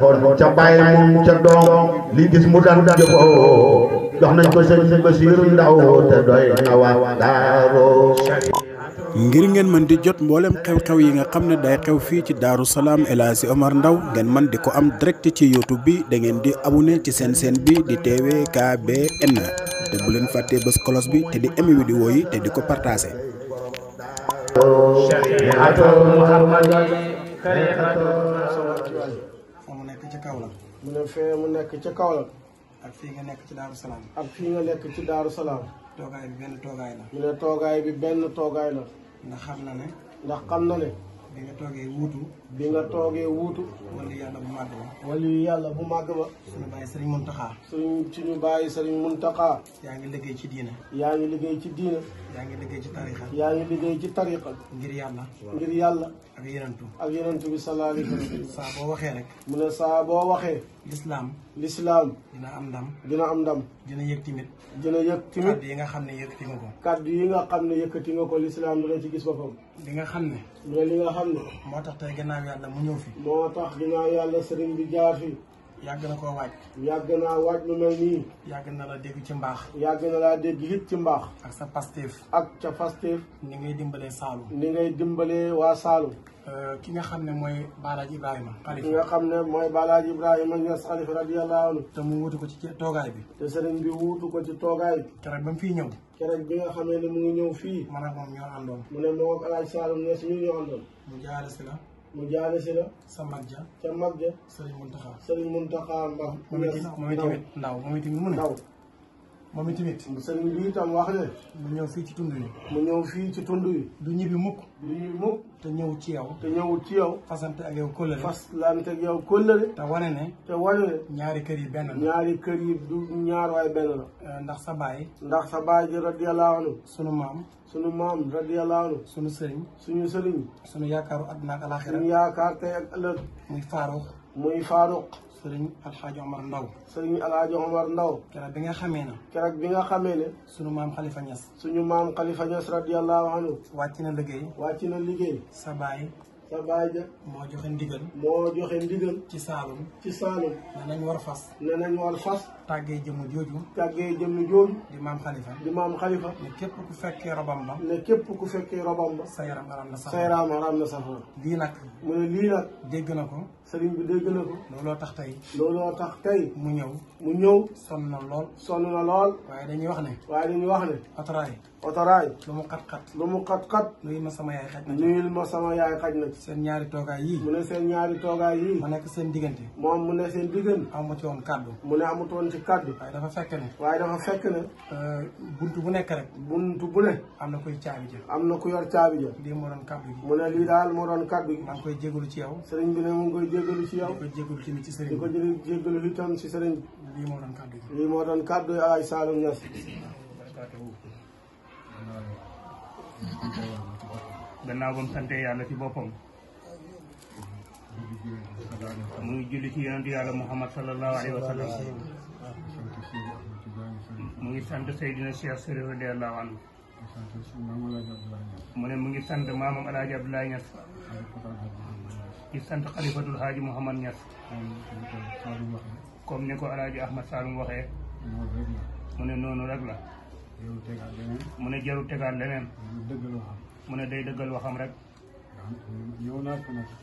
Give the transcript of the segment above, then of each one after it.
hor ca baye mom ca doom li gis mu daan jëf jox nañ ngir ngeen mën di jot xew-xew yi nga day xew ci El Omar Ndaw ngeen mën di ko am direct ci YouTube bi da ngeen di abonné ci seen bi di TVKBN te bu leen fàttee kolos bi te di aimé vidéo yi te di ko kaw la mu ne fee mu nekk ci kaw la ak fii nga nekk ci Daaru Salaam. ak fii nga nekk ci Daaru Salaam. toogaay bi benn toogaay la. mu ne toogaay bi benn toogaay la. ndax xam na ne. ndax xam na ne. bi nga toogee wuutu. bi nga toogee wuutu. wali yàlla bu màgg ma. wali yàlla bu màgg ma. suñu bàyyi sëriñ Muntaxa. suñu suñu bàyyi sëriñ Muntaxa. yaa ngi liggéey ci diina. yaa ngi liggéey ci diina. yaa ngi liggéey ci tariqa. yaa ngi liggéey ci tariqa. ngir yàlla. ngir yàlla. ak yenentu. ak yenentu bi sallallahu alayhi wa waxee rek. mu ne saa boo waxee. lislaam lislaam dina am ndam dina am ndam dina yëg timit dina yëg timit yi nga xam ne yëkkati nga ko yi nga xam ne yëkkati nga ko lislaam dina ci gis boppam li nga xam ne dina li nga xam ne moo tax tey naa yàlla mu ñëw fi moo tax ginnaaw yàlla sëriñ bi jaar fi yàgg na koo waaj. yàgg naa waaj lu mel nii. yàgg na la dégg ci mbaax. yàgg na laa dégg it ci mbaax. ak sa Pastef. ak ca Pastef. ni ngay dimbalee Saalum. ni ngay dimbalee waa Saalum. Euh, ki nga xam ne mooy Balaaj Ibrahima. xalifa ki nga xam ne mooy Balaaj Ibrahima Niass xalifa radiyallahu anhu. te mu wuutu ko ci toogaay bi. te sëriñ bi wuutu ko ci toogaay bi. keroog ba mu fii ñëw. keroog bi nga xamee ne mu ngi ñëw fii. man a moom ñoo àndoon. mu ne moom ak Alaaj Saalum Niass ñu ñoo àndoon. mu jaaree si la. mu jaale si la. sa mag ja ca mag ja. Serigne Mountakha Serigne Mountakha Mbacké. moom itamit ndaw moom itamit mu ne. ndaw moom itamit. mu sëñ bi itam wax de. mu ñëw fii ci tund yi. mu ñëw fii ci tund yi. du ñibbi mukk. du ñibbi mukk. te ñëw ci yow. te ñëw ci yow. fasante ak yow kóllëre. faslante ak yow kóllëre. te wane ne. te wane ne. ñaari kër yi benn ñaari kër yi du ñaar waaye benn la. Euh, ndax sa baay. ndax sa baay ji radiyallahu anhu. sunu maam. sunu maam radiyallahu sunu sëriñ. suñu sëriñ. sunu yaakaaru àdduna ak alaaxira. sunu yaakaar tey ak muy Faaruq. muy Faaruq. sëriñ alxaaji omar ndaw sëriñ alxaaji omar ndaw keroog nga xamee ne keroog bi nga xamee ne suñu maam xalifa ñas suñu maam xalifa ñas radiallahu anhu wàcc na liggéey wàcc na liggéey sa baay sa baay ja moo joxe ndigal moo joxe ndigal ci saalum ci saalum ne war fas ne nañ war fas tàggee jëmm jooju tàggee jëmm jooju di maam xalifa di maam xalifa ne képp ku fekkee robam ba ne képp ku fekkee robam ba sa yaram araam na safoo sa yaram araam na safoo lii nag mu ne lii nag dégg na ko sëriñ bi dégg na ko looloo tax tey looloo tax tey mu ñëw mu ñëw sonn na lool sonn na lool waaye dañuy wax ne waaye dañuy wax ne otoraay otoraay lu mu xat-xat lu mu xat-xat nuyul ma sama yaay xaj na nuyul ma sama yaay xaj na seen ñaari toogaay yii mu ne seen ñaari toogaay yii ma nekk seen diggante moom mu ne seen diggante woon kàddu ci kàddu. waaye dafa fekk ne. waaye dafa fekk ne. Euh, buntu bu nekk rek. buntu bu ne. am na kuy caabi jël. am na ku yor caabi jël. lii moo doon kàddu gi. mu ne lii daal moo doon kàddu gi. maa ngi koy jégalu ci yow. sëriñ bi ne mu ngi koy jégalu ci yow. di ko jégalu tamit ci sëriñ bi. di ko jégalu itam ci sëriñ bi. lii moo doon kàddu gi. lii moo doon kàddu gi ay Saloum Niass. gannaaw ba mu sant yàlla ci boppam. muy julli ci yonentu yàlla muhammad sallallahu alayhi wa sallam mu ngi sant Seydina Cheikh Sëriñ radiyallahu anhu mu ne mu ngi sant maamam El Hadj Abdoulaye Niass. sant xalifatul Haaji Mouhamad Niass. comme ni ko El Ahmad Saloum waxee. mu ne noonu rek la. mu ne jarul tegaat leneen. mu ne day dëggal waxam rek.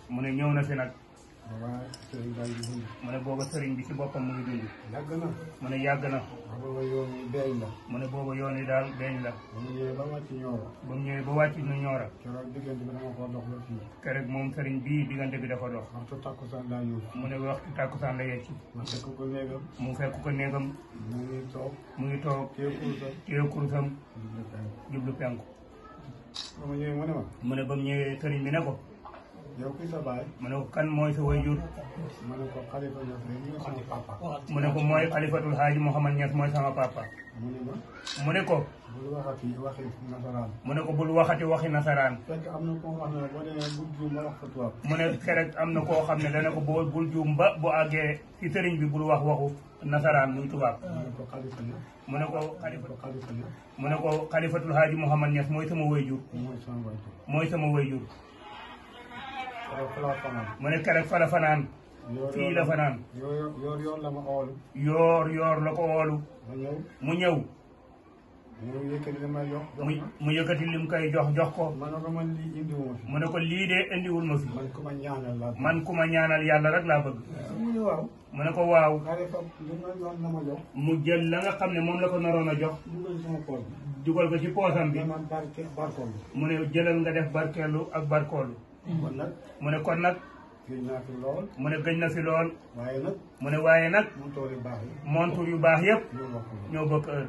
mu ne ñëw na fi nag. waaw a Ba ngi dund. booba sëriñ bi si boppam mu ngi dund. yàgg na. yàgg na. booba a yi beeñ la. booba yoon yi daal beeñ la. ba mu ñëwee ba wàcc ñoora. ba mu ñëwee ba wàcc na ñoora. keroog diggante bi dama ko dox la fii. keroog moom sëriñ bii diggante bi dafa dox. waxtu takkusaan laa a mu ne waxtu takkusaan la yegg. mu fekk ko néegam. mu fekk ko néegam. mu ngi toog. mu ngi toog. téye kurusam. ba mu ñëwee sëriñ bi ne ko yow kuy mu ne ko kan mooy sa wayjur. mu ne ko Khalifa Niass léegi mooy mu ne ko mooy Khalifatul Haaji Mouhamad mooy sama mu ne ma. mu ko. bul waxati waxi nasaraan. mu am na koo xam ne boo demee bul juum wax ko tubaab. mu mu ne ko Khalifa mu mooy sama mu ne keroog fa fanaan fii la fanaan yoor yoor la ko oolu mu ñëw mu yëkkati li ma jox jox jox ko ma ne ko ma fi mu ne ko lii de indiwul ma fi man ku ma ñaanal yàlla rek laa bëgg mu ne ko waaw mu jël la xam ne moom la ko naroon a jox dugal ko ci poosam bi mu ne jëlal nga def barkeelu ak barkoolu kon mm-hmm. nag mu ne kon nag. gëj naa fi lool. ne gëj na fi lool. waaye mu ne waaye nag. montoor yu baax yëpp. montoor yu baax yëpp. ñoo bokk heure.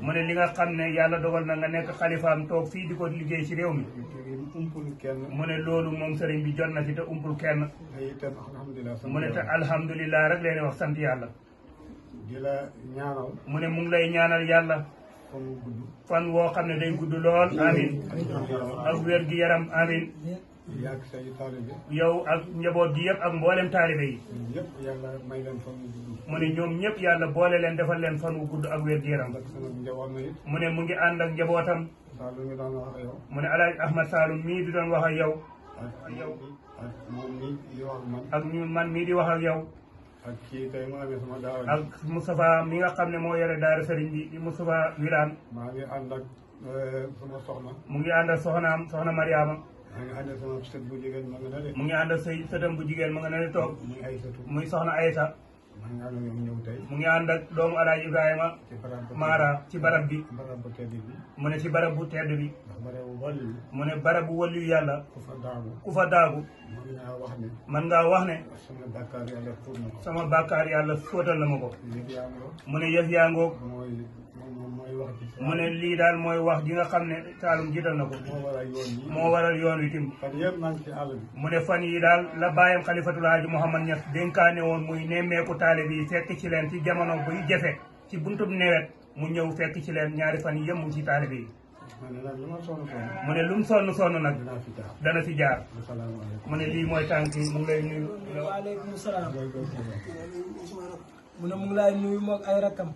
mu ne li nga xam ne yàlla dogal na nga nekk xalifaam toog fii di ko liggéey si réew mi. mun ne loolu moom sëriñ bi jot na fi te umpul kenn. mu ne te alhamdulilah rek leen wax sant yàlla. di ne mu lay ñaanal yàlla. fan woo xam ne day gudd lool amin ak wér gi yaram amin yow ak njaboot gi yëpp ak mboolem taalibe yi mu ne ñoom ñëpp yàlla boole leen defal leen fan wu gudd ak wér gi yaram mu ne mu ngi ànd ak njabootam mu ne alaaj ahmad saalum mii di doon wax ak yow ak mii di wax ak yow ak kii tey mi nga xam ne moo yore daara sëriñ bi di Moustapha Wilane. maa ngi ànd ak eh, soxna. mu ngi ànd ak soxnaam soxna Mariama. mu ngi ànd ak say bu jigéen ma nga ne de toog. muy soxna Aysa. mu ngi ànd ak doomu alaaji Ibrahima Mara ci barab bi mu ne ci barab bu tedd bi mu ne barab bu wàllu yàlla ku fa daagu man ngaa wax ne sama bàkkaar yàlla fóotal la ma ko mu ne yëf mu ne lii daal mooy wax ji nga xam ne Saalum jiital na ko. moo waral yoon wi tim mu ne fan yi daal la bàyyam xalifatul Haaji Mouhamad Niass ne woon muy nemmeeku taalib yi fekk ci leen ci jamono buy jafe ci buntub nawet mu ñëw fekk ci leen ñaari fan yëmmu ci taalib yi. mu ne lu mu sonn sonn nag dana fi jaar mu ne lii mooy tànk yi mu ngi lay nuyu. waaleykum salaam mu mu lay nuyu moog ay rakkam.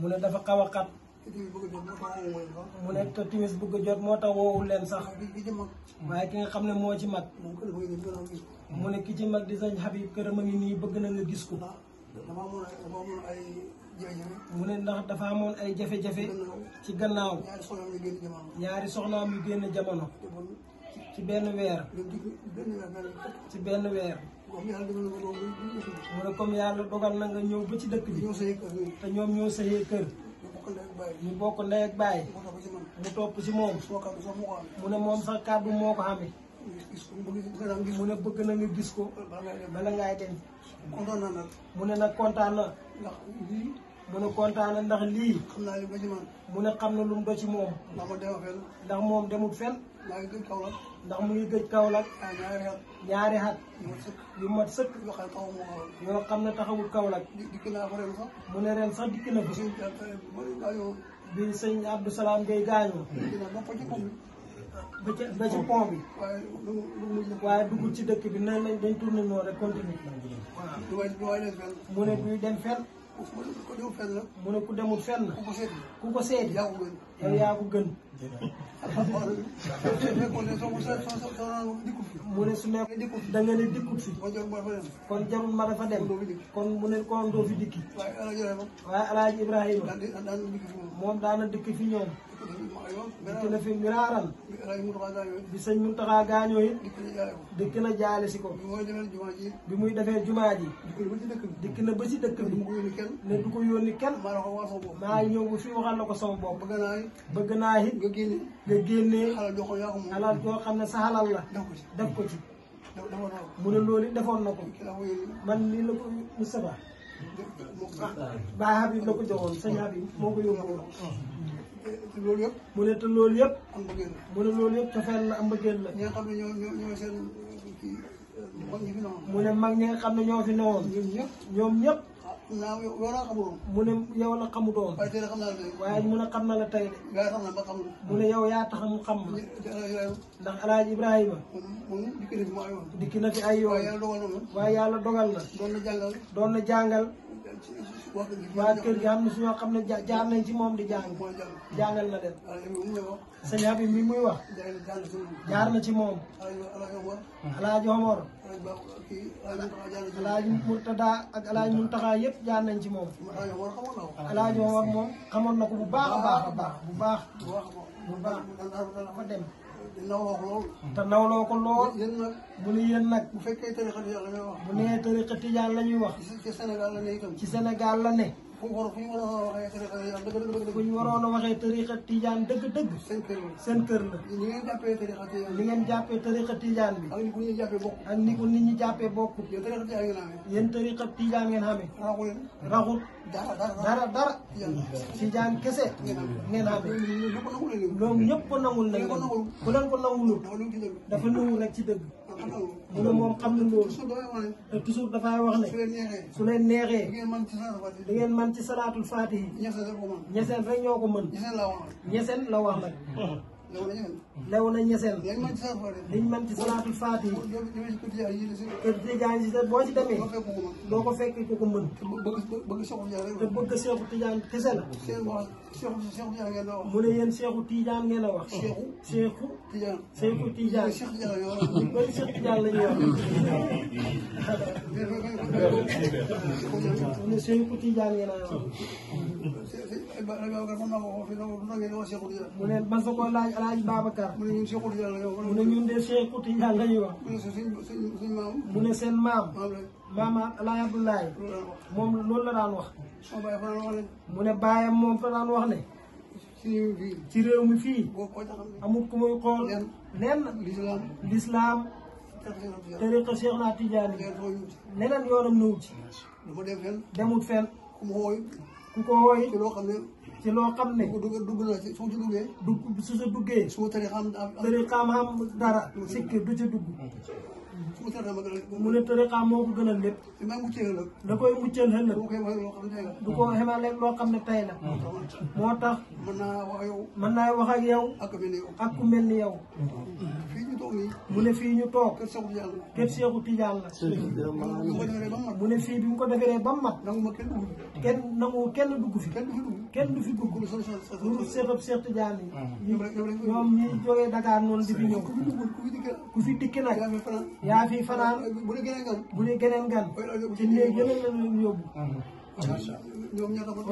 mu ne dafa xaw a xat mu ne te timis jot moo tax woowul leen sax waaye ki nga xam ne moo ci mag mu ne ki ci mag di sañ Habib kër a ngi nii bëgg na nga gis ko mu ne ndax dafa amoon ay jafe-jafe ci gannaaw ñaari soxnaam yu génn jamono ci benn weer ci benn weer mu ne comme yàlla dogal na nga ñëw ba ci dëkk bi. te ñoom ñoo sëyee kër. ñu bokk ndey ak baay. mu topp si moom. mu ne moom sax kàddu moo ko xamee. mu ne bëgg na nga gis ko. bala ngaay dem. mu ne nag kontaan na. mu ne kontaan na ndax lii. mu ne xam na lu mu do ci moom. ndax moom demut fenn. maa ngi gëj Kaolack. ndax mu ngi gëj Kaolack. ah ñaari at. ñaari at. yu mat sëkk yu xam ne taxawu ma Kaolack. yoo xam ren sax. mu ne ren sax dikk na fa. sëñ bi sëñ Abdou Salam Gueye gaañoo. pont bi. ba ca ba ci pont bi. waaye lu waaye ci dëkk bi na lañ dañ tourné noonu rek continué. mu ne buy dem fenn. ko demul fenn la. mu ku demul fenn. ku ko seeti ku ko seeti. yaa ko gën yow yaa ko gën. su dikkut fi da nga ne dikkut kon jarul ma dafa dem. kon mu ne kon doo fi dikki. waaye El Hadj Ibrahima. moom daana dikk fi ñoom. dikk na fi miraaran bi sëñ Muntaxa gaañoo it dikk na jaale si ko bi muy defee jumaa ji dikk na ba si dëkk bi ne du ko yónni kenn maa ñëw fi waxal na ko sama bopp bëgg naa it nga génnee alal joo xam ne sa alal la def ko ci mu ne loolu defoon na ko man lii la ko Moustapha Baye Habib la ko joxoon sëñ Habib moo ko yóbbu woon te loolu yëpp. mu ne te loolu yëpp. am bëggeel la mu ne loolu yëpp cofeel la am bëggeel la. ñi nga ne ñoo ñoo ñoo seen kii mag mu ne mag ñi xam ne ñoo fi newoon. ñoom ñëpp ñoom ñëpp. naa yow la mu ne yow na xamutoon. waaye tey xam naa waaye mu ne xam na la tey de. mu ne yow yaa tax mu xam. ndax El Hadj Ibrahima. moom na fi ay yoon. dikki na fi yàlla dogal na. doon na jàngal. waa kër gi am na si ñoo xam ne jaar nañ ci moom di jàng jàngal na leen sëñ Habib mi muy wax jaar na ci moom a a alaaji Omar alaaji Murtada ak alaaji Muntaxa yëpp jaar nañ ci moom alaaji Omar moom xamoon na ko bu baax a baax a baax bu baax bu baax ko dem nawoo ko lool. te nawloo ko lool. yéen nag bu ne yéen nag. bu fekkee tariqa tijaan la ñuy wax. bu nee tariqa tijaan la ñuy wax. ci Sénégal ci senegal la ne. fu mu war fu ñu waroon a waxee tariqa dëgg-dëgg. fu ñu waroon a waxee tariqa tijaan dëgg-dëgg. seen kër la seen kër la. ni ngeen jàppee tariqa tijaan bi. ni ngeen jàppee tariqa tijaan bi. ak ni ko nit ñi jàppee bokkul. ak ni ko nit ñi jàppee bokkul. yéen tariqa tijaan ngeen amee. yéen tariqa tijaan ngeen amee. raxul raxul. dara dara dara. tijaan kese. ngeen amee loolu ñëpp nangul nañ leen. ku leen ko nangul. dafa nangul rek ci dëgg. mu moom xam na loolu. te toujours dafay wax ne. su leen neexee. su leen neexee. da ngeen man ci salaatul faatihi. ñeseen rek ñoo ko mën. ñeseen la wax nag. lew na ñeseel. liñ mën ci salaatul faati. kër Tijaan si boo ci demee. doo ko fekk ku ko mën. te bëgg Seexu Tijaan. te bëgg Seexu Tijaan kese la. mu ne yéen Seexu Tijaan ngeen la wax. Seexu Seexu. Tijaan Seexu Tijaan. ñu bëri Seexu Tijaan la ñuy wax. mu ne Seexu Tijaan ngeen la wax. alaaji Babacar. mu ne ñun Cheikhou Tidiane la yow. mu ne ñun de la ñuy wax. mu ne seen maam. maam. maama alaaji moom loolu la daan wax. mu ne baayam moom fa daan wax ne. ci réew mi fii. amul ku muy xool. lenn lislaam seex naa Cheikh naa Tidiane. leneen yoonam ñëw ci. demut fenn. ku ko wooy ci loo xam ne ci loo xam ne bu dugg dugg na su duggee dugg su sa dara sikk du ca dugg fuutal na ma gën a. mu ne tariqa moo ko gënal lépp. li ma muccee da koy mucceel ëllëg. du ko xemal loo xam ne tey la. moo tax. mën naa wax yow. mën naa wax ak yow. ak ku mel ni yow. ak ku mu ne fii ñu toog. kër Seexu Tijaan la. kër Seexu Tijaan la. mu ko defaree ba mu mat. nangu ma kenn dugg fi. kenn nangu kenn dugg fi. kenn du fi dugg. kenn du fi dugg. ku dul Seexu Seex Tijaan yi. ñoom ñi jógee Dakar noonu di fi ñëw. ku fi dikk nag yaa fi fanaan bu dee geneen gan bu dee geneen gan ci néeg yeneen la leen yóbbu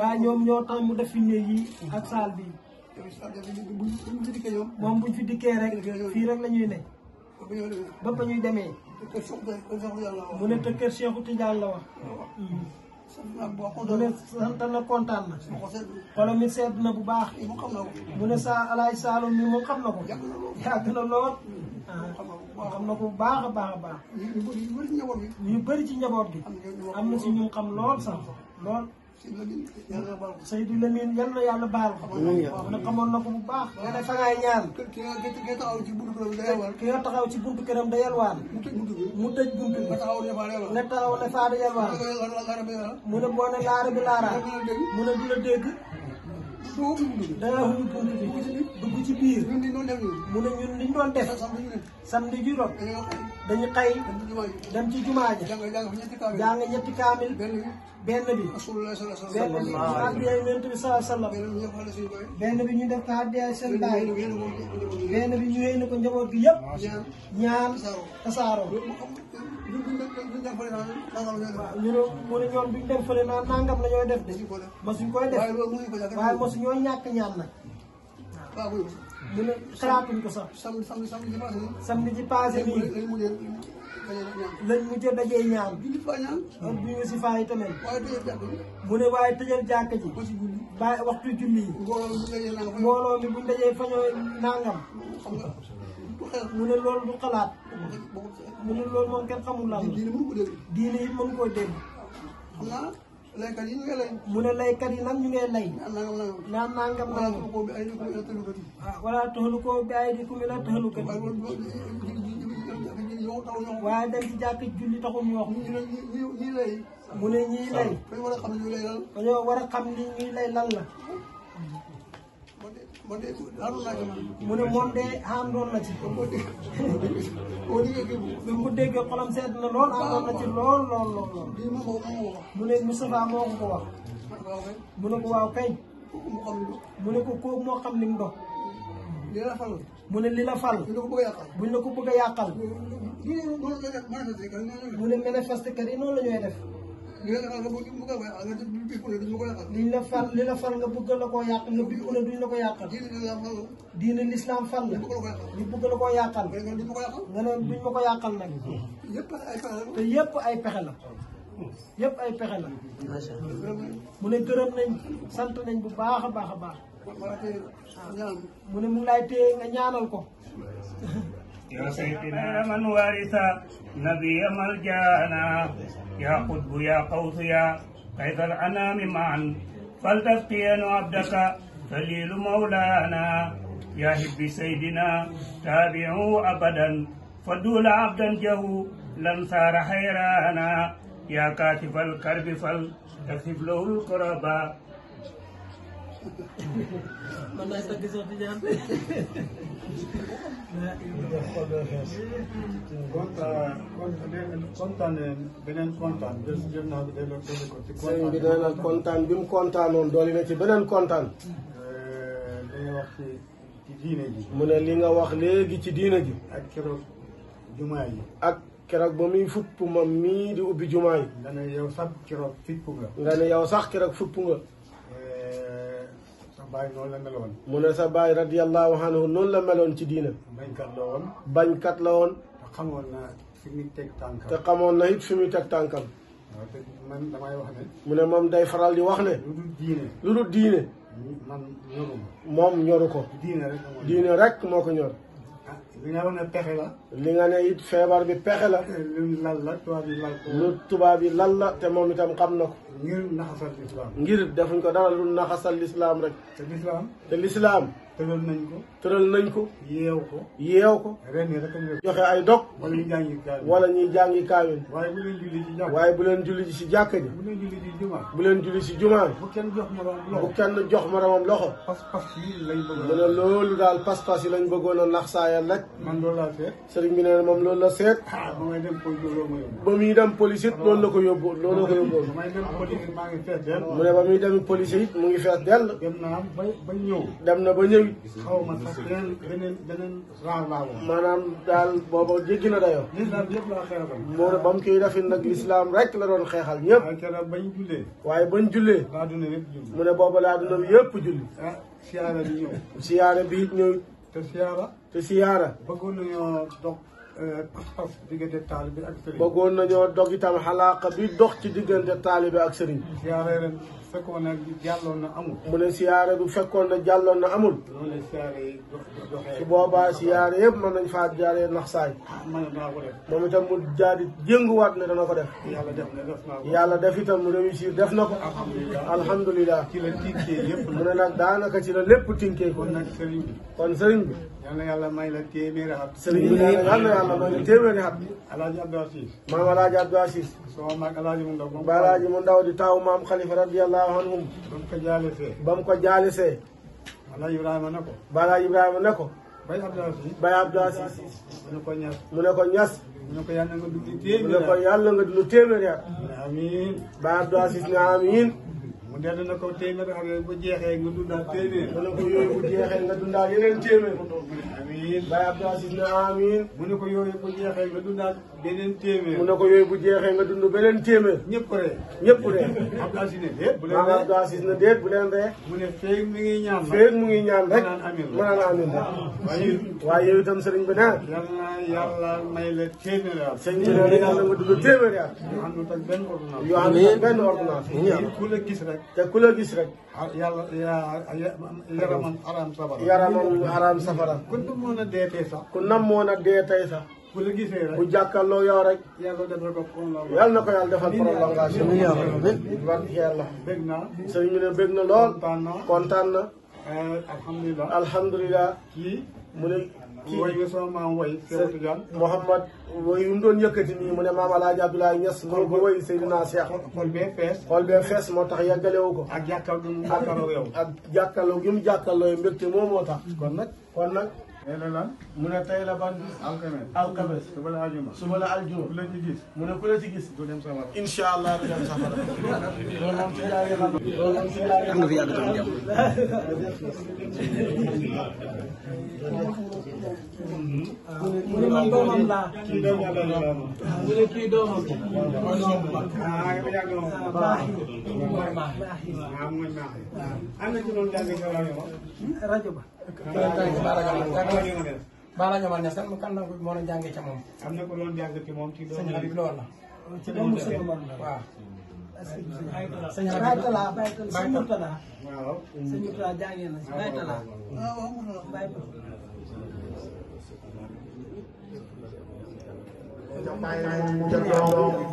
waaye ñoom ñoo tax mu def fi néeg yi mm-hmm. ak saal bi moom buñ fi dikkee rek fii rek la ñuy ne ba ba ñuy demee mu ne te kër Seexu Tijaan la wax ah, mm-hmm. mu ne sant na kontaan na xolam mi sedd na bu baax mu ne saa alaaj Saalum mi moom xam na ko yàgg na lool mm-hmm. xam na ko bu baax a baax a baax. ñu bëri ci njaboot gi. am na si ñu xam lool sax lool. Seydou Lamine yan na yàlla baal ko. wax na xamoon na ko bu baax. nga ne fa ngay ñaan. ki nga taxaw ci buntu këram da yalwaan. ki nga taxaw ci buntu këram da yalwaan. mu tëj buntu bi mu tëj buntu bi. nga taxaw ne faa yalwaan. nga taxaw ne faa da yalwaan. mu ne boo ne laara bi laara. mu ne du la dégg. suuf danaa wuyu bunt bi dugg ci biir mu ne ñun li ñu doon def samedi ju jot dañu xëy dem ci jumaa ja jàng ñetti kaamil benn bi benn bi addiyaay yonent bi sallallahu alayhi benn bi ñu def ko addiyaay seen baay benn bi ñu yéene ko njaboot gi yëpp ñaan tasaaroo ñu dem fële naan nangam la ñuy def. ñu ne mu ne ñoom duñ dem fële naan nangam la def de. masuñ koy def waaye loolu ñàkk ñaan nag. mu ne xalaatuñ ko sax. samedi samedi samedi lañ mujjee dajee ñaan. bi ñu faa si faa yi tamit. waaye tëjal jàkk ji. mu ne waaye tëjal jàkk ji. ba si julli. bàyyi waxtu julli mbooloo mi buñ dajee nangam. xam nga. mu ne loolu du xalaat mu ne loolu moom kenn xamul lan la diine yi mën koo dégg laykat yi ñu ngi lay. mu ne laykat yi nag ñu ngi lay. naan nangam nangam. wala taxalu ko bi ay ah, di ku la taxalu kat. waaye dañ ci jàkk julli taxul ñu mu ne ñii lay. dañoo war a xam ñuy lay lan la. man de naroon naa mu ne moom de xaam na ci. boo déggee boo déggee na lool. waaw doon na ci lool lool lool lool. ko wax. mu ne Moustapha moo ko ko wax. mu ne ko waaw kañ. mu ne ko kooku moo xam li mu dox. li fal. mu ne li la fal. a a mu ne manifeste kat yi noonu la ñuy def. li nga defal nga a may nga ko yàqal. liñ la far li la far nga bëgg la koo yàq nga bëgg la la ko yàqal. diine l'islam fan la. ñu la koo yàqal. nga ne duñ ma ko yàqal pexe la. te yëpp ay pexe la. yëpp ay pexe la. macha allah mu ne gërëm nañ sant nañ bu baax a baax a baax. mu ne mu ngi lay téye nga ñaanal ko. يا سيدنا من وارث نبي ملجانا يا قطب يا قوس يا كيف الأنام معا فلتسقين عبدك خليل مولانا يا حب سيدنا تابعوا أبدا فدول عبدا جه لن صار حيرانا يا كاتب الكرب فلتكتب له القربا man naa beneen kontaan jël ko bi nee kontaan bi mu kontaanoon dooli na ci beneen kontaan. li nga wax mu ne li nga wax léegi ci diine ji. ak keroog jumaa yi. ak keroog ba muy fupp ma mii di ubbi jumaa yi. nga ne yow sax keroog fippu nga. nga ne yow sax keroog fippu nga. baay noonu la meloon. mu ne sa baay radiyallahu anhu noonu la meloon ci diina. bañkat la woon. la woon. te xamoon na teg tànkam. te xamoon na it fi muy teg tànkam. waaw te man damay mu ne moom day faral di wax ne. lu dul diine. moom ñoru ko. diine rek moo rek moo ko ñor. Ah, li nga ne it feebar bi pexe la. lu tubaab yi lal lu tubaab yi lal la te moom itam xam na ko. ngir naxasal lislaam ngir defuñ ko dara lu naxasal lislaam rek. te lislaam te lislaam tëral nañ ko. tëral nañ ko. yeew ko. yeew ko. a joxe ay dog. wala ñuy jàngi kaawin. waaye bu leen julli ci jàkka. jàkka ji. bu leen julli ci jumaa. bu kenn jox moroomam loxo. loxo. pas a. ne loolu daal pas-pas yi lañ bëggoon a nax rek. man loolu laa seet. loolu la seet. Ah, ba muy dem police it loolu la ko yóbbu mu ne ba muy dem police it mu ngi fees dell. dem na ba ba ñëw. dem na ba ñëw it. xaw ma sax beneen beneen beneen raar daal booba jéggi na dayoo. lislaam yëpp laa xeexal. moo ne ba mu koy rafet nag lislaam rek la doon xeexal ñëpp. waaye keroog bañ jullee. waaye bañ jullee. laa duna yëpp julli. mu ne booba laa duna yëpp julli. ah siyaara bi ñëw. siyaara bi it ñëw. te siyaara. te siyaara. بغونا جو دوغي تام حلاقه بي دوخ سي ديغنت طالب اك سيرين زياره فكون جالون نا امول مون زياره بو فكون نا جالون نا امول مون زياره دوخ دوخ سي بوبا زياره يم مانن فات جاري نخساي يالا ديف نا ديف يالا ديف تام الحمد لله كي لا تينكي ييب مون نا دانكا سي لا ليب تينكي تيمير yàlla loolu téeméeri at. alaaji Abdou Aziz. maam alaaji Abdou Aziz. soo maag alaaji mu ndaw. ba alaaji mu ndaw di taawu maam Khalifa radiyallahu anhum. ba mu ko jaalisee. ba mu ko jaalisee. alaaji Ibrahima ne ko. ba alaaji Ibrahima ne ko. bay Abdou Aziz. bay Abdou Aziz. mu ne ko ñas. mu ne ko ñas. mu ne ko yàlla nga dund téeméeri at. mu ne ko yàlla nga dund téeméeri at. amiin. bay Abdou Aziz ne amiin. benn na ko téeméer xam ne bu jeexee nga dundaal téeméer. mu ne ko yooyu bu jeexee nga dundaal yeneen téeméer. amiin Baye Abdou na amiin. mu ne ko yooyu bu jeexee nga dundaal beneen téeméer. mu ne ko yooyu bu jeexee nga dund beneen téeméer. ñëpp rek. ñëpp rek. Abdou Aziz ne déet bu leen rek Abdou Aziz ne déet bu leen rek. mu ne feeg mi ngi ñaan. feeg mu ngi ñaan rek. maanaam amiin la maanaam amiin la. waaye yow itam sëriñ bi naan. yal na yàlla may la téeméer yaat. sëñ bi loolu yàlla nga dund téeméer benn ordonnance. yoo àndut benn ordonnance. ku la gis rek te ku la gis rek. yaramam araam safara. yaramam araam safara. ku namoon a dee tey sax. ku namoon sax. ku rek. bu jàkkaarloo yow rek. yàlla defal ko prolongation. yàlla na ko yàlla defal prolongation. amiin naa. sëñ bi ne bég na lool. kontaan na kontaan eh, mu ne. way wi sama maam way Cheikh Tidiane Mouhamad way mu doon yëkkati nii mu ne maam Alaaji Abdoulaye Niass loolu ko way Seydina Cheikh xol bee fees xol bee fees moo tax yeggalewu ko ak jàkkaarloo ak jàkkaarloo gi mu jàkkaarloo mbégte moom moo tax kon nag kon nag tey la lan mu suba la aljuma suba la aljuma ku la safara incha allah du dem safara loolu moom ci laa xam loolu moom man doomam laa kii doomam laa mu ne kii doomam mooy doomam la baax Baara Ñamal ne seen kan nag moo doon jàngee ca moom. am na ko doon jàng ci moom ci doomu. sëñ Habib loolu la. ci doomu sëñ Murtala waaw. sëñ Baytala Baytala sëñ Murtala. waaw sëñ Murtala jàngee na si Baytala.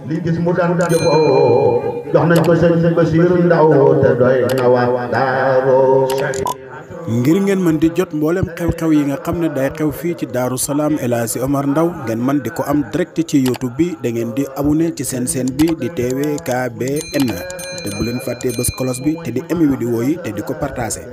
li gis mu daan jëfoo jox nañ ko sëñ Basiru ndaw te doy na waa daaroo ngir ngeen mën di jot mboolem xew-xew yi nga xam ne day xew fii ci Daaru Salaam El Omar Ndaw ngeen mën di ko am direct ci YouTube bi da ngeen di abonné ci seen seen bi di tvkbn te bu leen fàttee bés kolos bi te di aimé vidéo yi te di ko partagé